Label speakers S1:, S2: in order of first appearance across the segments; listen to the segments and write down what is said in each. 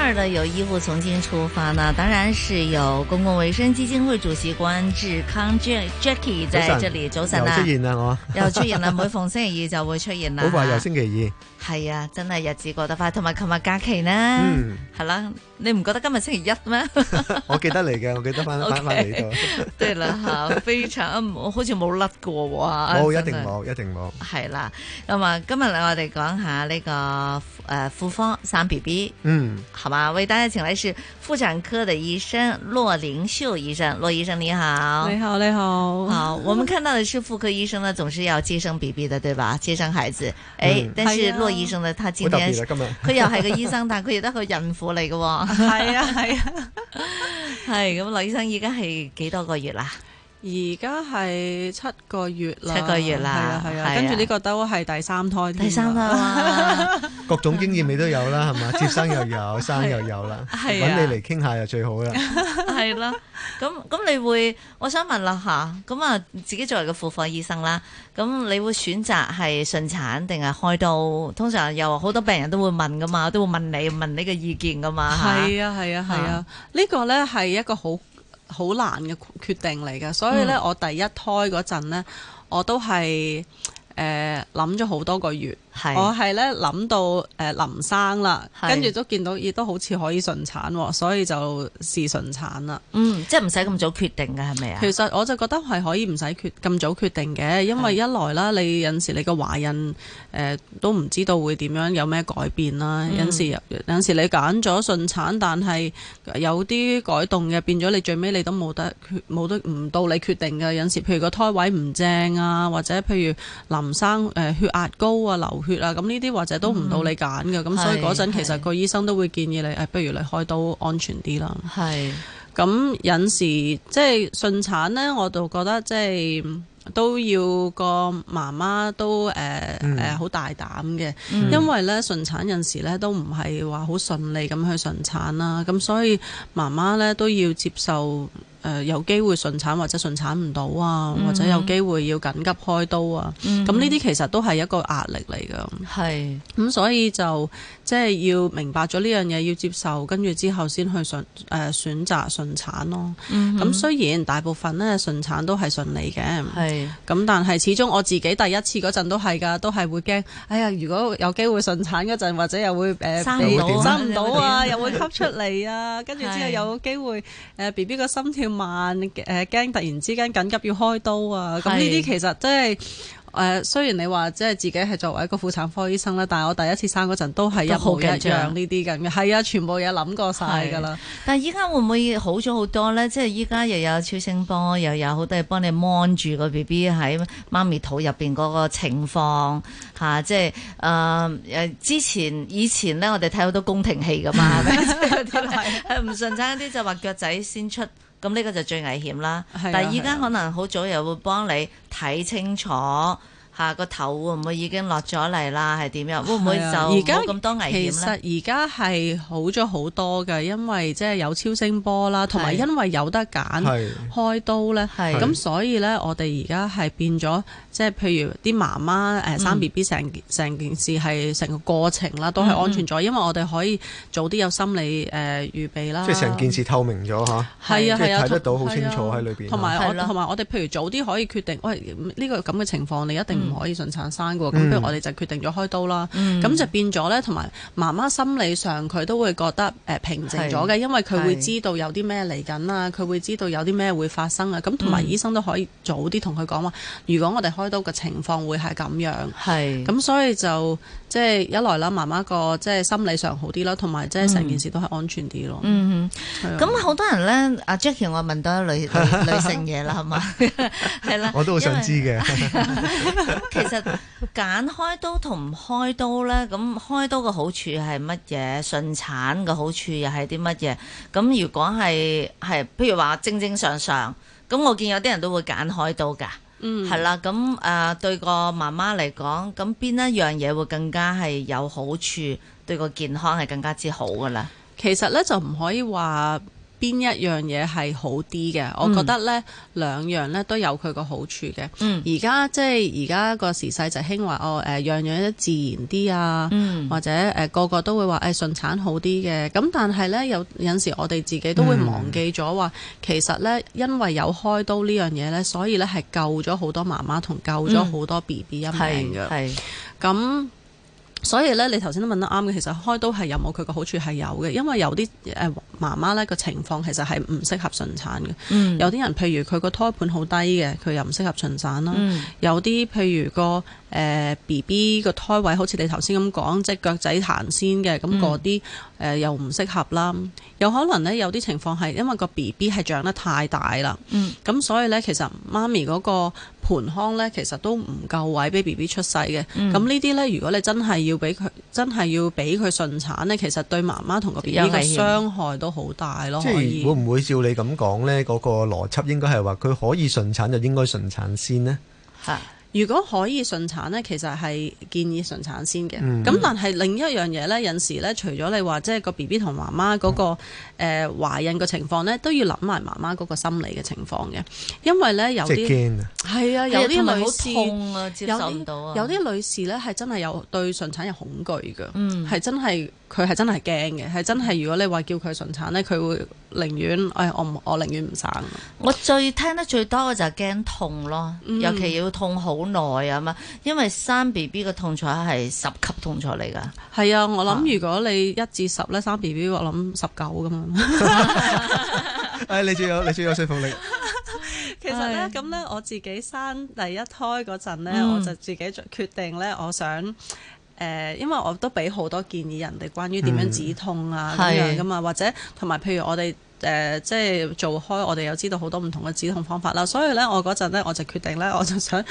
S1: 二呢度有醫護重新出發，那當然是由公共衛生基金會主席官志康 Jackie 就這裏。早晨又出現
S2: 啦，又出現
S1: 啦，每逢星期二就會出現啦。好快又
S2: 星期二，
S1: 係啊，真係日子過得快。同埋琴日假期呢，係啦，你唔覺得今日星期一咩？
S2: 我記得嚟嘅，我記得翻翻翻嚟
S1: 咗。對啦，吓非常，好似冇甩過哇。我一定冇，一定冇。係啦，咁啊，今日我哋講下呢個誒婦科生 B B，嗯，係嘛。啊，為大家請來是婦產科的醫生駱靈岫醫生，駱醫生你好，你好，你好，好，我們看到的是婦科醫生呢，總是要接生 B B 的對吧？接生孩子，哎，嗯、但是駱、啊、醫生呢，他今天，啊、今天他又係個醫生，但佢亦都係個孕婦嚟㗎，係 啊，係啊，係， 咁駱醫生而家係幾多個月啦？
S3: 而家係七個月啦，七個月啦，係啊，係啊。跟住呢個都係第三胎，第三胎，
S2: 各種經驗你都有啦，係咪？接生又有，生又有啦，
S1: 揾你嚟
S2: 傾下就最好啦。
S1: 係啦，咁咁你會，我想問啦吓，咁啊，自己作為個婦科醫生啦，咁你會選擇係順產定係開刀？通常有好多病人都會問噶嘛，都會問你問你嘅意見噶嘛。係啊，係啊，係啊，
S3: 呢個咧係一個好。好難嘅決定嚟嘅，所以咧，我第一胎嗰陣咧，我都係誒諗咗好多個月。我係咧諗到誒、呃、林生啦，是跟住都見到亦都好似可以順產，所以就試順產啦。嗯，即係唔使咁早決定嘅係咪啊？是是其實我就覺得係可以唔使決咁早決定嘅，因為一來啦，你有時你個懷孕誒都唔知道會點樣有咩改變啦、嗯。有時有時你揀咗順產，但係有啲改動嘅變咗，你最尾你都冇得冇得唔到你決定嘅有時，譬如個胎位唔正啊，或者譬如林生誒血壓高啊流血啦，咁呢啲或者都唔到你揀嘅，咁、嗯、所以嗰陣其實個醫生都會建議你，誒是是、哎，不如你開刀安全啲啦。係是，咁有時即係順產呢，我就覺得即、就、係、是、都要個媽媽都誒誒好大膽嘅，嗯、因為呢順產有時呢都唔係話好順利咁去順產啦，咁所以媽媽呢都要接受。誒有機會順產或者順產唔到啊，嗯、或者有機會要緊急開刀啊，咁呢啲其實都係一個壓力嚟㗎。係，咁所以就。即係要明白咗呢樣嘢，要接受，跟住之後先去選誒選擇順產咯。咁雖然大部分咧順產都係順利嘅，咁但係始終我自己第一次嗰陣都係噶，都係會驚。哎呀，如果有機會順產嗰陣，或者又會誒生唔到，生唔到啊，又會吸出嚟啊，跟住之後有機會誒 B B 個心跳慢，誒驚突然之間緊急要開刀啊。咁呢啲其實都係。誒，uh, 雖然你話即係自己係作為一個婦產科醫生啦，但係我第一次生嗰陣都係一模一樣呢啲咁嘅，係啊，全部有諗過晒㗎啦。
S1: 但係依家會唔會好咗好多咧？即係依家又有超聲波，又有好多嘢幫你 mon 住個 B B 喺媽咪肚入邊嗰個情況嚇、啊，即係誒誒之前以前咧，我哋睇好多宮廷戲㗎嘛，唔順產啲就話、係、腳仔先出。咁呢個就最危險啦，啊、但係而家可能好早又會幫你睇清楚。下個、啊、頭會唔會已經落咗嚟啦？係點樣？會唔會走而家咁多危險？其實而
S3: 家係好咗好多嘅，因為即係有超聲波啦，同埋因為有得揀開刀咧，咁所以咧我哋而家係變咗，即係譬如啲媽媽誒生 B B 成成件事係成個過程啦，都係安全咗，嗯、因為我哋可以早啲有心理誒、呃、預備啦。即係成件
S2: 事透明咗嚇，係啊係啊，睇的得到好清楚喺裏邊。同埋我
S3: 同埋我哋譬如早啲可以決定，喂呢個咁嘅情況你一定、嗯。嗯唔可以順產生嘅，咁不如我哋就決定咗開刀啦。咁、嗯、就變咗呢，同埋媽媽心理上佢都會覺得誒、呃、平靜咗嘅，是因為佢會知道有啲咩嚟緊啊，佢會知道有啲咩會發生啊。咁同埋醫生都可以早啲同佢講話，嗯、如果我哋開刀嘅情況會係咁樣，係咁是所以就。即係一來啦，媽媽個即係心理上好啲啦，同埋即係成件事都係安全啲咯。嗯
S1: 哼，咁好、啊、多人咧，阿 Jackie，我問多女女性嘢 啦，係嘛？係啦，我都好想知
S2: 嘅。
S1: 其實揀開刀同唔開刀咧，咁開刀嘅好處係乜嘢？順產嘅好處又係啲乜嘢？咁如果係係，譬如話正正常常，咁我見有啲人都會揀開刀㗎。嗯，係啦，咁誒、呃、對個媽媽嚟講，咁邊一樣嘢會更
S3: 加係有好處，對個健康係更加之好噶啦。其實咧就唔可以話。邊一樣嘢係好啲嘅？嗯、我覺得呢兩樣呢都有佢個好處嘅。而家、嗯、即係而家個時勢就興話哦誒、呃，樣樣都自然啲啊，嗯、或者誒、呃、個個都會話誒、哎、順產好啲嘅。咁但係呢，有時我哋自己都會忘記咗話，其實呢，因為有開刀呢樣嘢呢，所以呢係救咗好多媽媽同救咗好多 B B 一命嘅。咁、嗯。所以咧，你頭先都問得啱嘅，其實開刀係有冇佢個好處？係有嘅，因為有啲誒、呃、媽媽咧，個情況其實係唔適合順產嘅。嗯、有啲人譬如佢個胎盤好低嘅，佢又唔適合順產啦。嗯、有啲譬如個誒 B B 個胎位，好似你頭先咁講，即係腳仔彈先嘅，咁嗰啲誒又唔適合啦。有可能咧，有啲情況係因為個 B B 係長得太大啦，咁、嗯嗯、所以咧，其實媽咪嗰、嗰個。盆腔咧，其實都唔夠位俾 B B 出世嘅。咁、嗯、呢啲咧，如果你真係要俾佢，真係要俾佢順產咧，其實對媽媽同個 B B 嘅傷害都好大咯。即係是以會唔
S2: 會照你咁講咧？嗰、嗰個邏輯應該係話，佢可以順產，就應該順產先呢。係。
S3: 如果可以順產呢，其實係建議順產先嘅。咁、嗯、但係另一樣嘢呢，有時呢，除咗你話即係個 BB 同媽媽嗰個誒懷孕嘅情況呢、嗯呃，都要諗埋媽媽嗰個心理嘅情況嘅，因為呢，有啲驚啊，係啊，有啲女士、啊、有啲女士咧係真係有對順產有恐懼㗎，係、嗯、真係佢係真係驚嘅，係真係如果你話叫佢順產呢，佢會寧願誒我唔我寧願唔生。我最聽得最多嘅就係驚
S1: 痛咯，尤其，痛痛、嗯、尤其要痛好。耐啊嘛，因為生 B B 嘅痛楚係十級痛楚嚟㗎。
S3: 係啊，我諗如果你一至十咧生 B B，我諗十九㗎嘛。誒 、
S2: 哎，你最有你最有說服力。
S3: 其實咧呢，咁咧是，我自己生第一胎嗰陣咧，嗯、我就自己決定咧，我想誒、呃，因為我都俾好多建議人哋關於點樣止痛啊咁、嗯、樣㗎嘛，或者同埋譬如我哋誒、呃、即係做開，我哋有知道好多唔同嘅止痛方法啦。所以咧，我嗰陣咧，我就決定咧，我就想。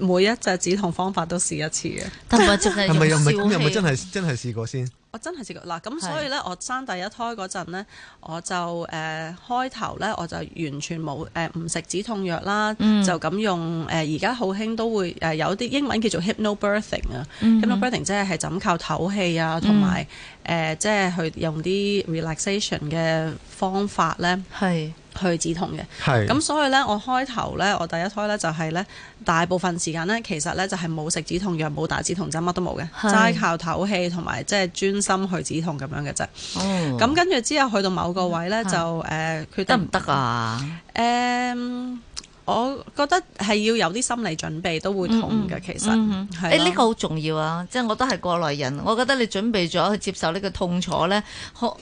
S3: 每一隻止痛方法都試一次嘅，係咪又唔係咁？有冇真係
S2: 真係試過先？
S3: 我真係試過嗱。咁所以咧，我生第一胎嗰陣咧，是我就誒、呃、開頭咧，我就完全冇誒唔食止痛藥啦，嗯、就咁用誒而家好興都會誒、呃、有啲英文叫做 hypno birthing 啊，hypno birthing、嗯嗯、即係係枕靠唞氣啊，同埋誒即係去用啲 relaxation 嘅方法咧。係、嗯。去止痛嘅，咁是所以咧，我開頭咧，我第一胎咧就係、是、咧，大部分時間咧，其實咧就係、是、冇食止痛藥，冇打止痛針，乜都冇嘅，齋是靠唞氣同埋即係專心去止痛咁樣嘅啫。哦，咁跟住之後去到某個位咧，是就佢得唔得啊？誒、呃。我覺得係要有啲心理準備都會痛嘅。其實誒呢個好重要啊！即、就、係、是、我都係
S1: 過來人，我覺得你準備咗去接受呢個痛楚咧，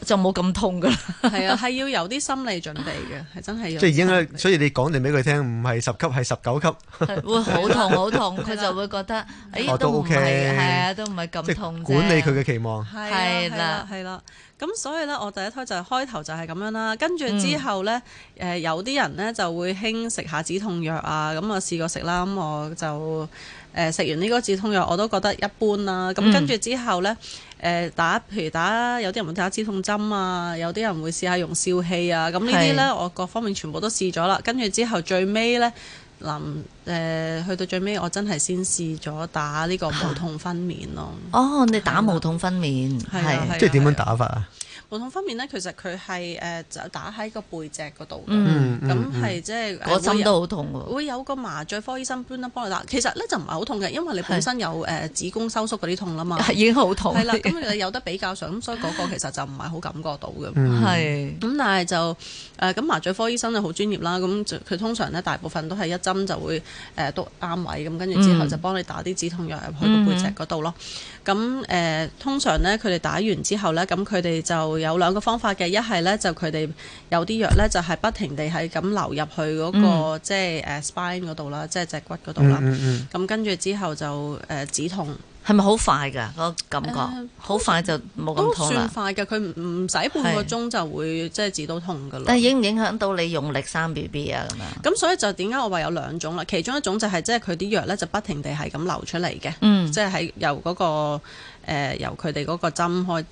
S1: 就冇咁痛噶啦。係
S3: 啊，係要有啲心理準備嘅，係真係要。即係應
S2: 該所以你講定俾佢聽，唔係十級，係十九級， 會好痛好痛，佢的就
S3: 會覺得誒都唔係，係啊都唔係咁痛啫。管理佢嘅期望。係啦，係啦。咁所以咧，我第一胎就係、開頭就係咁樣啦，跟住之後咧，誒、嗯、有啲人咧就會輕食下子。止痛藥啊，咁我試過食啦，咁我就誒食、呃、完呢個止痛藥我都覺得一般啦、啊。咁、嗯、跟住之後呢，誒、呃、打譬如打有啲人會打止痛針啊，有啲人會試下用笑氣啊。咁呢啲呢，我各方面全部都試咗啦。跟住之後最尾呢、呃，去到最尾我真係先試咗打呢個無痛分娩咯、
S1: 啊。哦，你打無痛分娩、嗯啊啊啊啊啊、即係點樣打法啊？
S3: 無痛方面咧，其實佢係誒就打喺個背脊嗰度，咁係即係嗰針都好痛喎。會有個麻醉科醫生幫你打，其實咧就唔係好痛嘅，因為你本身有誒子宮收縮嗰啲痛啦嘛，已經好痛。係啦，咁你有得比較上，咁所以嗰個其實就唔係好感覺到嘅。係，咁但係就誒咁麻醉科醫生就好專業啦。咁佢通常咧大部分都係一針就會誒篤啱位，咁跟住之後就幫你打啲止痛藥入去個背脊嗰度咯。咁誒通常咧佢哋打完之後咧，咁佢哋就有兩個方法嘅，一係咧就佢哋有啲藥咧就係不停地喺咁流入去、那、嗰個、嗯、即係誒 spine 嗰度啦，即係脊骨嗰度啦。咁、嗯嗯、跟住之後就誒止痛，係咪好快噶、嗰個感覺？好、呃、快就冇咁痛啦。都算快嘅，佢唔使半個鐘就會即係止到痛噶咯。是但係影唔影響到你用力生 B B 啊？咁樣。咁所以就點解我話有兩種啦？其中一種就係即係佢啲藥咧就不停地係咁流出嚟嘅，即係喺由嗰、嗰個誒、呃、由佢哋嗰個針開。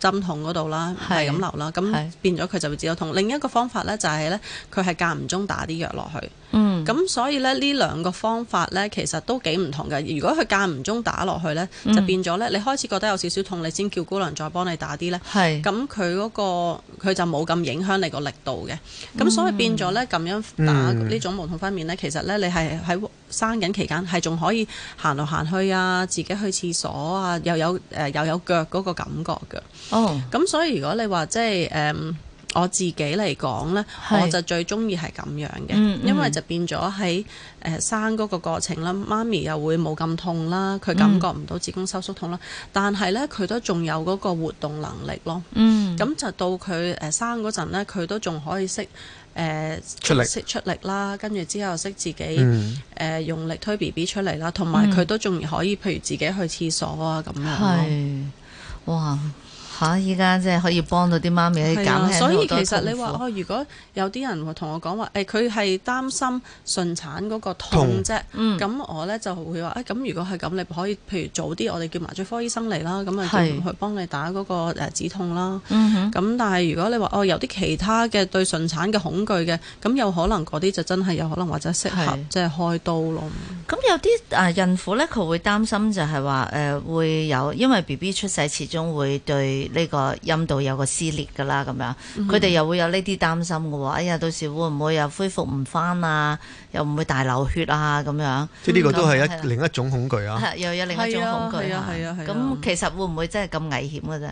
S3: 針痛嗰度啦，係咁是流啦，咁是變咗佢就會只有痛。的另一個方法咧就係咧，佢係間唔中打啲藥落去。嗯，咁所以咧呢兩個方法咧，其實都幾唔同嘅。如果佢間唔中打落去咧，嗯、就變咗咧，你開始覺得有少少痛，你先叫姑娘再幫你打啲咧。係是，咁佢嗰個佢就冇咁影響你個力度嘅。咁、嗯、所以變咗咧，咁樣打呢、嗯、種無痛分娩咧，其實咧你係喺生緊期間係仲可以行嚟行去啊，自己去廁所啊，又有誒、呃、又有腳嗰個感覺嘅。哦，咁所以如果你話即係誒。Um, 我自己嚟講呢，是我就最中意係咁樣嘅，嗯、因為就變咗喺誒生嗰個過程啦，媽咪又會冇咁痛啦，佢感覺唔到子宮收縮痛啦，嗯、但係呢，佢都仲有嗰個活動能力咯。嗯，咁就到佢誒生嗰陣呢，佢都仲可以識誒、呃、力識出力啦，跟住之後識自己誒、嗯呃、用力推 B B 出嚟啦，同埋佢都仲可以譬如自己去廁所啊咁樣
S1: 哇！嚇！依家即係可以幫到啲媽咪、啊、減輕好多痛苦。所以其實你話
S3: 哦，如果有啲人同我講話，誒佢係擔心順產嗰個痛啫。咁、嗯、我咧就會話，誒、哎、咁如果係咁，你可以譬如早啲，我哋叫麻醉科醫生嚟啦，咁啊去幫你打嗰個誒止痛啦。咁是但係如果你話哦，有啲其他嘅對順產嘅恐懼嘅，咁有可能嗰啲就真係有可能或者適合即係開刀咯。咁
S1: 有啲誒孕婦咧，佢會擔心就係話誒會有，因為 B B 出世始終會對。呢個陰道有個撕裂噶啦，咁樣佢哋又會有呢啲擔心嘅喎。哎呀，到時會唔會又恢復唔返啊？又唔會大流血啊？咁樣即係呢個都係一另一種恐懼啊！又有另一種恐懼啊！啊，咁、啊
S3: 啊啊啊啊啊、其實會唔會真係咁危險嘅啫？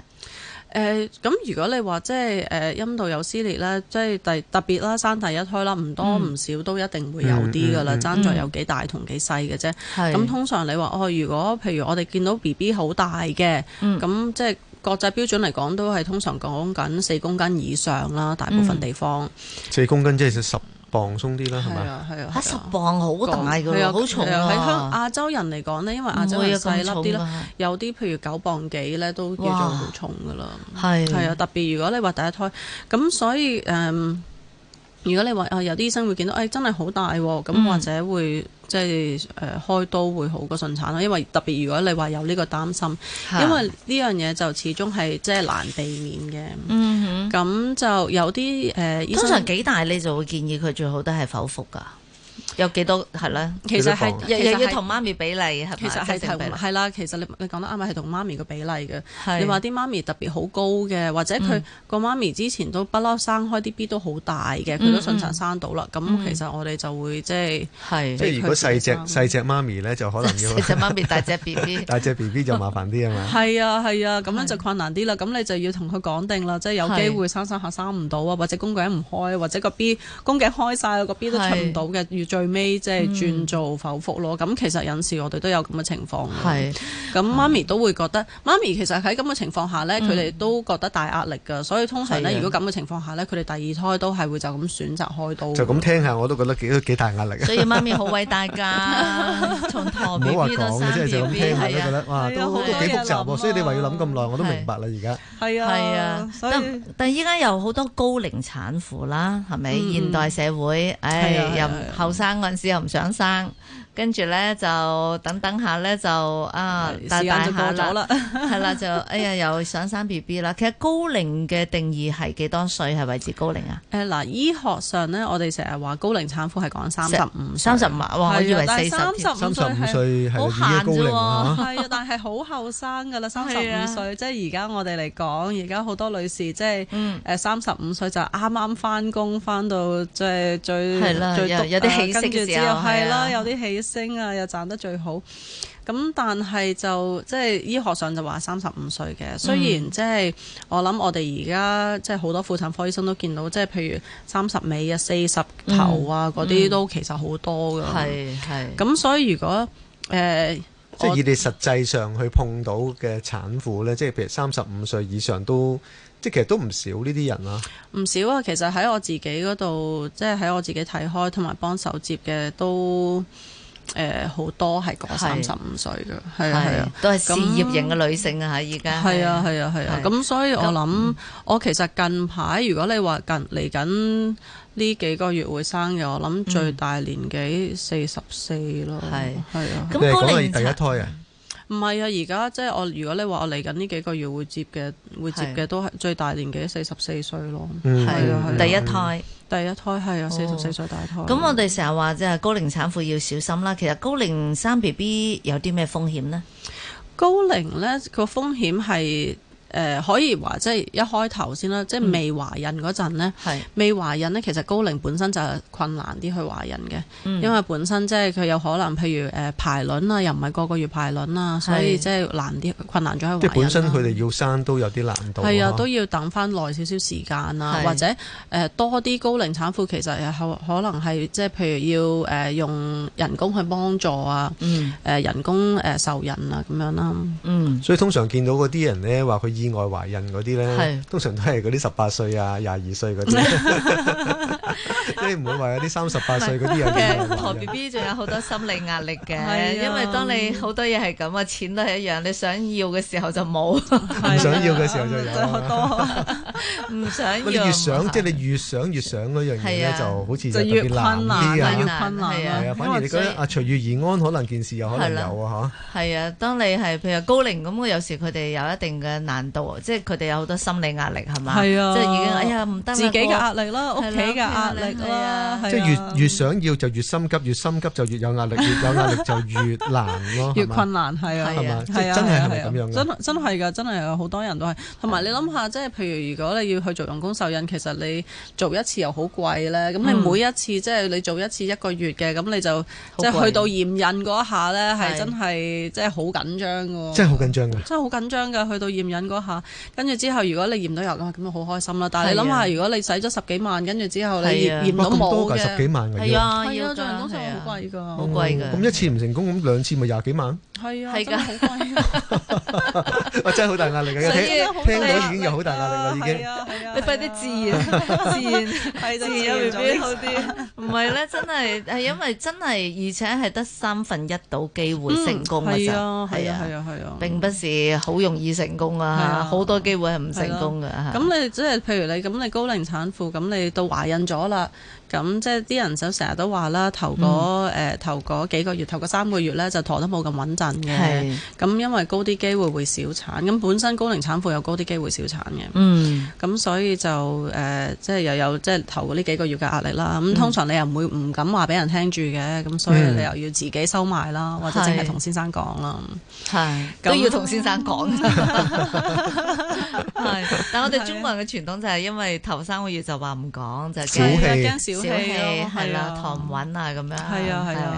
S3: 誒，咁如果你話即係誒陰道有撕裂咧，即係第特別啦，生第一胎啦，唔多唔少都一定會有啲噶啦，爭、嗯嗯嗯、在有幾大同幾細嘅啫。咁、嗯啊、通常你話哦、哎，如果譬如我哋見到 B B 好大嘅，咁即係。嗯國際標準嚟講，都係通常講緊四公斤以上啦，大部分地方。
S2: 四、嗯、公斤即係十磅鬆啲啦，係咪？
S3: 係啊，十磅好大啊，好重喺、啊、香、啊啊、亞洲人嚟講呢，因為亞洲人細粒啲啦，有啲譬如九磅幾咧，都叫做好重㗎啦。係係啊，特別如果你話第一胎，咁所以誒。嗯如果你話啊，有啲醫生會見到，哎，真係好大喎，咁、嗯、或者會即係誒開刀會好過順產咯，因為特別如果你話有呢個擔心，是因為呢樣嘢就始終係即係難避免嘅。嗯哼，咁就有啲誒，呃、通常幾大你就會建議佢最好都係剖腹㗎？有幾多
S1: 係咧？其實係，亦亦要同
S3: 媽咪比例啊。其實係同係啦。其實你你講得啱啊，係同媽咪個比例嘅。你話啲媽咪特別好高嘅，或者佢個媽咪之前都不嬲生開啲 B 都好大嘅，佢都順產生到啦。咁其實我哋就會即係，即係如果細隻細
S2: 隻媽咪咧，就可能要細隻媽咪大隻 B B，大隻 B B 就麻煩啲啊嘛。
S3: 係啊係啊，咁樣就困難啲啦。咁你就要同佢講定啦，即係有機會生生下生唔到啊，或者宮頸唔開，或者個 B 宮頸開晒，個 B 都出唔到嘅最尾即係轉做剖腹咯，咁其實有陣時我哋都有咁嘅情況。係咁，媽咪都會覺得媽咪，其實喺咁嘅情況下咧，佢哋都覺得大壓力噶，所以通常咧，如果咁嘅情況下咧，佢哋第二胎都係會就咁選擇開刀。就咁
S2: 聽下，我都覺得幾幾大壓力。所以媽咪好
S3: 偉大噶，從旁唔好話講，即係就咁聽下
S2: 都覺得哇都都幾複雜，所以你話要諗咁耐，我都明白啦。而家係啊，係啊，
S1: 但但依家有好多高齡產婦啦，係咪？現代社會，唉，又後生。我陣時又唔想生。跟住咧就等等下咧就，啊，大大咗啦，係 啦就哎呀又想生 B B 啦。其實高齡嘅定義係幾多歲係咪止高齡啊？誒
S3: 嗱、欸呃，醫學上咧，我哋成日話高齡產婦係講三十五、三十五哇，我以為三十五歲係好閒啫喎。係啊，但係好後生㗎啦，三十五歲， 即係而家我哋嚟講，而家好多女士即係誒三十五歲就啱啱返工，返到即係最最有啲起色嘅時候係啦，有啲讀起。升啊，又賺得最好咁，但係就即係醫學上就話三十五歲嘅。雖然即係我諗，我哋而家即係好多婦產科醫生都見到，即係譬如三十尾啊、四十頭啊嗰啲，都其實好多㗎。係係咁，所以如果誒，呃、即係以
S2: 你實際上去碰到嘅產婦呢，我即係譬如三十五歲以上都，即係其實都唔少呢啲人啦、
S3: 啊。唔少啊，其實喺我自己嗰度，即係喺我自己睇開，同埋幫手接嘅都。誒，好多係過三十五歲嘅，係啊係啊，都係事業型嘅女性啊吓，而家係啊係啊係啊，咁所以我諗，我其實近排如果你話近嚟緊呢幾個月會生嘅，我諗最大年紀四十四咯，係係啊，咁你個第一胎啊。唔係啊，而家即係我，如果你話我嚟緊呢幾個月會接嘅，是會接嘅都係最大年紀四十四歲咯，係、嗯、啊，啊第一胎，第一胎係啊，四十四歲大胎。咁、哦、我
S1: 哋成日話即係高齡產婦
S3: 要小心啦。其實高齡生 BB 有啲咩風險呢？高齡呢個風險係。誒可以話即係一開頭先啦，即係未懷孕嗰陣咧，未懷孕咧其實高齡本身就係困難啲去懷孕嘅，因為本身即係佢有可能譬如誒排卵啊，又唔係個個月排卵啊，所以即係難啲困難咗去。即係本身
S2: 佢哋要生都有啲難度，係啊，都
S3: 要等返耐少少時間啊，或者誒多啲高齡產婦其實係可能係即係譬如要誒用人工去幫助啊，誒人工誒受孕啊咁樣啦。嗯，
S2: 所以通常見到嗰啲人咧話佢。意外懷孕嗰啲咧，通常都係嗰啲十八歲啊、廿二歲嗰啲，即係唔會話有啲三十八歲嗰啲人嘅。
S1: 懷 B B 仲有好多心理壓力嘅，係因為當你好多嘢係咁啊，錢都係一樣，你想要嘅時候就冇，唔想要
S2: 嘅時候就有，多唔
S1: 想要。越想即
S2: 係你越想越想嗰樣嘢咧，就好似特別難啲越
S1: 困難，反而你覺得
S2: 隨遇而安可能件事又可能有啊嚇。
S1: 係啊，當你係譬如高齡咁，有時佢哋有一定嘅難。即係佢哋有好多心理壓力係嘛？係啊，即係已經哎呀唔得，自己嘅壓力啦，屋企嘅壓力啦，
S3: 即係越
S2: 越想要就越心急，越心急就越有壓力，越有壓力就越難咯，越困難係啊係啊，即係
S3: 真係係咁樣，真真係噶，真係好多人都係。同埋你諗下，即係譬如如果你要去做人工受孕，其實你做一次又好貴咧，咁你每一次即係你做一次一個月嘅，咁你就即係去到驗孕嗰下咧，係真係即係好緊張噶，真係好緊張噶，真係好緊張噶，去到驗孕跟住之後，如果你驗到有嘅話，咁咪好開心囉，但係你諗下，如果
S2: 你使咗十幾萬，跟住
S1: 之後，你驗到冇十幾
S3: 萬。係啊。好多機會係唔成功嘅，咁你即係譬如你咁，你高齡產婦，咁你到懷孕咗啦。咁即係啲人就成日都話啦，頭嗰誒頭嗰幾個月，頭嗰三個月咧就陀得冇咁穩陣嘅。咁因為高啲機會會小產，咁本身高齡產婦有高啲機會小產嘅。咁所以就誒即係又有即係頭嗰呢幾個月嘅壓力啦。咁通常你又唔會唔敢話俾人聽住嘅，咁所以你又要自己收埋啦，或者淨係同先生講啦。係都要同先生講。
S1: 但我哋中國人嘅傳統就係因為頭三個月就話
S3: 唔講就驚驚小氣係啦，糖穩啊咁樣。係啊係啊，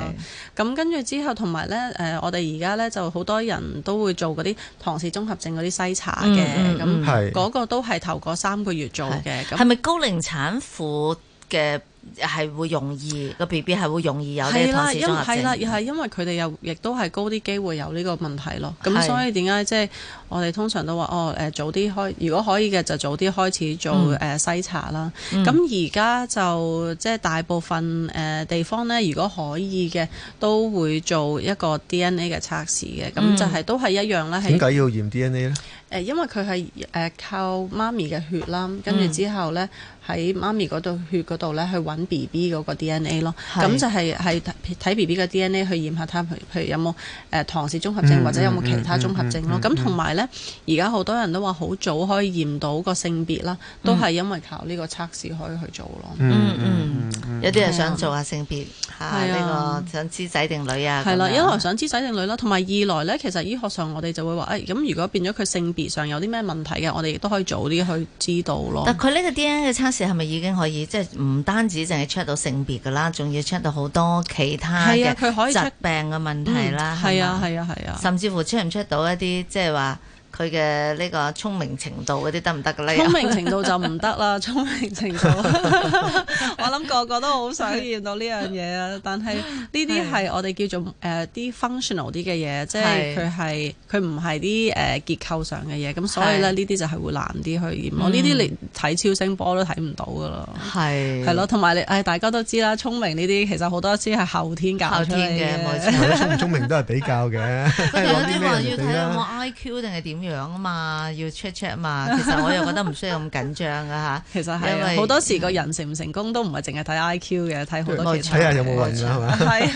S3: 咁跟住之後，同埋咧，誒，我哋而家咧就好多人都會做嗰啲唐氏綜合症嗰啲篩查嘅，咁嗰個都係頭個三個月做嘅。咁係咪
S1: 高齡產婦嘅？係會容易，個 B B 係會容易有呢啲唐氏綜合症係啦，係啦，係因
S3: 為佢哋又亦都係高啲機會有呢個問題咯。咁是所以點解即係我哋通常都話哦誒、呃、早啲開，如果可以嘅就早啲開始做誒篩查啦。咁而家就即係、就是、大部分誒地方咧，如果可以嘅都會做一個 D N A 嘅測試嘅。咁、嗯、就係、是、都係一樣啦。點解
S2: 要驗 D N A 咧？
S3: 誒、呃，因為佢係誒靠媽咪嘅血啦，跟住之後咧喺、嗯、媽咪嗰度血嗰度咧去搵。B B 嗰個 D N A 咯，咁就係係睇 B B 嘅 D N A 去驗下睇，譬如有冇誒唐氏綜合症或者有冇其他綜合症咯。咁同埋咧，而家好多人都話好早可以驗到個性別啦，嗯、都係因為靠呢個測試可以去做咯、嗯。嗯嗯，嗯有啲人想做下性別，係呢個想知仔定女啊？係啦、啊，一來想知仔定女啦、啊，同埋、啊啊、二來咧，其實醫學上我哋就會話誒，咁、哎、如果變咗佢性別上有啲咩問題嘅，我哋亦都可以早啲去知道咯。但
S1: 佢呢個 D N A 嘅測試係咪已經可以即係唔單止？淨係出到性別噶啦，仲要出到好多其他嘅疾病嘅問題啦，係啊係啊係啊，甚至乎出唔出到一啲即係話。就是佢嘅呢個聰明程度嗰啲得唔得㗎咧？聰明程度就唔得啦，聰明程
S3: 度，我諗個個都好想驗到呢樣嘢啊！但係呢啲係我哋叫做誒啲 functional 啲嘅嘢，即係佢係佢唔係啲誒結構上嘅嘢，咁所以咧呢啲就係會難啲去驗。我呢啲連睇超聲波都睇唔到㗎咯，
S1: 係係咯，
S3: 同埋你誒大家都知啦，聰明呢啲其實好多先係後天教出嚟嘅，後天嘅。咁聰唔
S2: 聰明都係比較嘅，佢哋啲話要睇有冇
S1: IQ 定係點
S3: 樣？樣啊嘛，要 check check 嘛，其實我又覺得唔需要咁緊張啊吓。 其實係、啊，好為多時個人成唔成功都唔係淨係睇 IQ 嘅，睇好多。睇下有冇運啦，係嘛、 啊？係。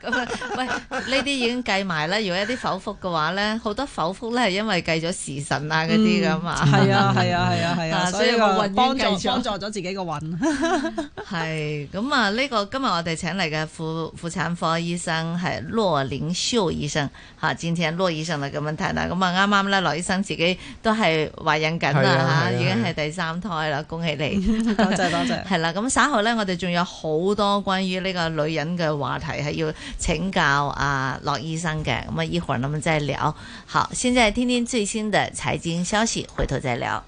S3: 咁喂，呢啲已經計埋啦。如果一啲剖腹嘅話咧，好多剖腹咧係因
S1: 為計咗時辰啊嗰啲噶嘛。係、嗯、啊，係啊，係啊，係啊。啊啊啊所以我幫助幫助
S3: 咗自己個運。
S1: 係。 咁啊，呢個今日我哋請嚟嘅婦婦產科醫生係駱靈岫醫生。好，今天駱醫生嚟跟我們談啦。咁啊啱啱咧。駱醫生自己都係懷孕緊啦吓，已經係第三胎啦，啊、恭喜你！多 謝多謝，係啦。咁稍、 啊、後咧，我哋仲有好多關於呢個女人嘅話題係要請教阿、啊、駱醫生嘅。咁啊，一會兒我哋再聊。好，先係天天最新的財經消息，回頭再聊。